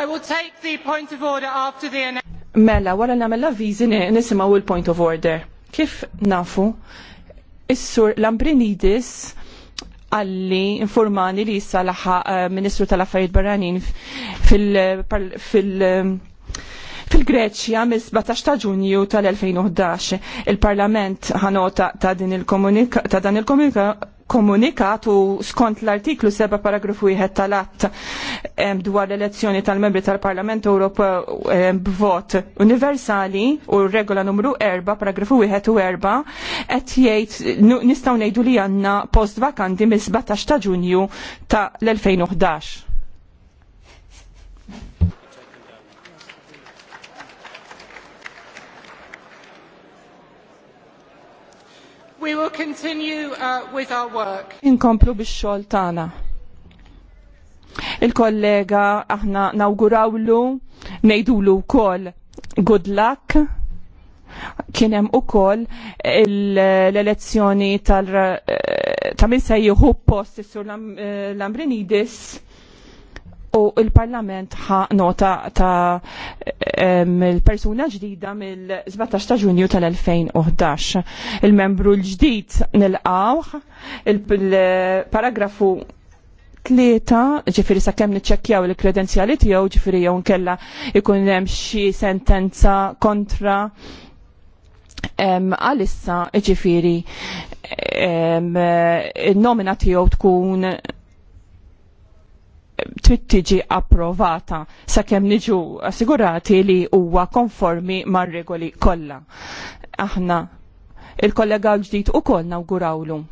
I will take the point of order after the Mela, wara namel l-avvizi nisimaw il-point of order. Kif nafu, is-sur Lambrinidis għalli informani li jissa laħa eh, Ministru tal-Affarijiet Barranin fil-Greċja mis 17 ta' ġunju tal-2011. Il-Parlament ħanota ta' dan il komunika komunikat u skont l-artiklu 7 paragrafu 1 tal-att dwar l-elezzjoni tal-membri tal-Parlament Ewropew b'vot universali u regola numru 4 paragrafu 1 u 4 qed jgħid nistgħu ngħidu li għandna post vakanti mis-17 ta' Ġunju ta' l-2011. We will continue uh, with our work. Inkomplu bix-xogħol tagħna. Il-kollega aħna nawgurawlu, ngħidulu wkoll good luck. Kien hemm ukoll l-elezzjoni tal eh, ta' min se jieħu post is-sur eh, Lambrinidis u il-Parlament ħa nota ta' il-persuna ġdida mill-17 ta' ġunju tal-2011. Il-membru l-ġdid nil-qawħ, il-paragrafu tlieta, ġifiri sa' kemm niċċekkjaw il-kredenzjali tiegħu, ġifiri jew nkella ikun hemm xi sentenza kontra għalissa ġifiri nomina tiegħu tkun trid tiġi approvata sakemm niġu assigurati li huwa konformi mar-regoli kollha. Aħna il-kollega l-ġdid ukoll nawgurawlu.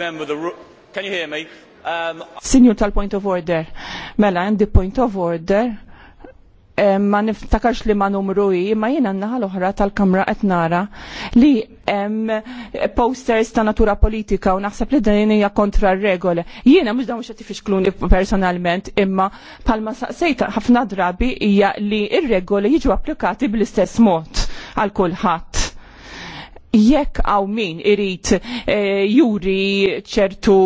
Can you hear me? Um... Signor tal-point of order. Mela, għandi point of order ma niftakarx li ma numru ma jiena naħa l-oħra tal-kamra qed nara li hemm posters ta' natura politika u naħseb li din hija kontra r-regole. Jiena mhux dawn qed ifixkluni personalment imma palma saqsejta ħafna drabi hija li r-regoli jiġu applikati bl-istess mod għal kulħadd jekk għaw min irrit eh, juri ċertu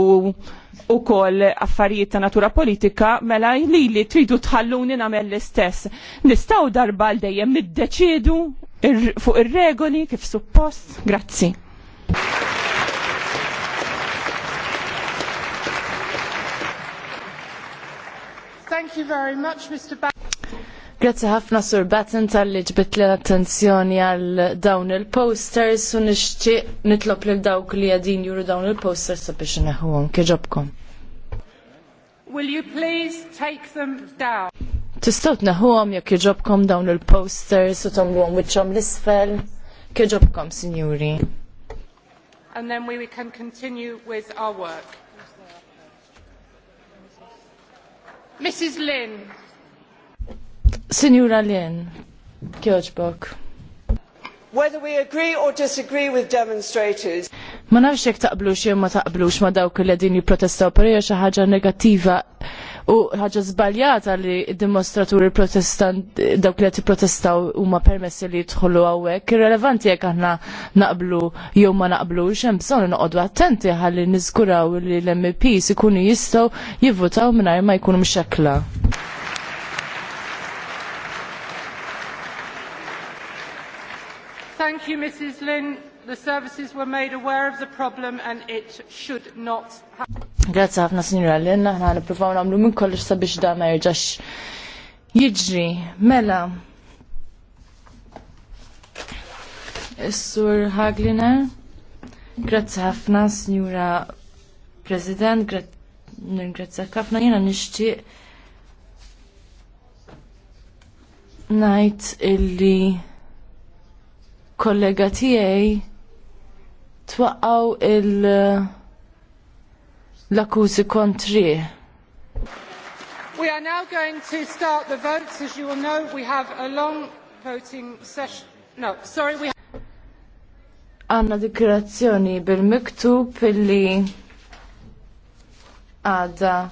u kol affarijiet ta' natura politika, mela li li tridu tħalluni namel l-istess. Nistaw darba l-dejjem niddeċidu fuq ir-regoli kif suppost. Grazzi. Thank you very much, Mr. Ba Grazie ħafna sur Batten tal-li ġbit l-attenzjoni għal dawn il-posters u nixtieq nitlob lil dawk li għadin juru dawn il-posters sabiex neħuhom kieġobkom. Will you please take them down? Tistaw tneħuhom jekk jġobkom dawn il-posters u għom wiċċhom l-isfel. Kieġobkom, sinjuri. And then we can continue with our work. Mrs. Lynn. Signora Lien, Kjoġbok. Whether we agree or disagree with demonstrators. Ma nafx jekk taqblux jew ma taqblux ma dawk li qegħdin jipprotestaw per xi ħaġa negattiva u ħaġa żbaljata li d-dimostraturi protestant dawk li qed jipprotestaw huma permessi li jidħlu hawnhekk. Irrelevanti jekk aħna naqblu jew ma naqblux, hemm bżonn noqogħdu attenti ħalli niżguraw li l-MPs ikunu jistgħu jivvutaw mingħajr ma jkunu mxekkla. Thank you, Mrs. Lynn. The services were made aware of the problem and it should not happen. Grazie ħafna Sinjura Lynn, aħna nippruvaw nagħmlu minn kollox sabiex dan ma jerġax jiġri. Mela. Is-Sur Hagliner. Grazie ħafna, signora President, grazie ħafna, jena nixtieq night illi kollega tiegħi twaqqaw il- uh, l-akkużi kontri. We are now going to start the votes. As you will know, we have a long voting session. No, sorry, we Għanna dikrazzjoni bil-miktub illi għada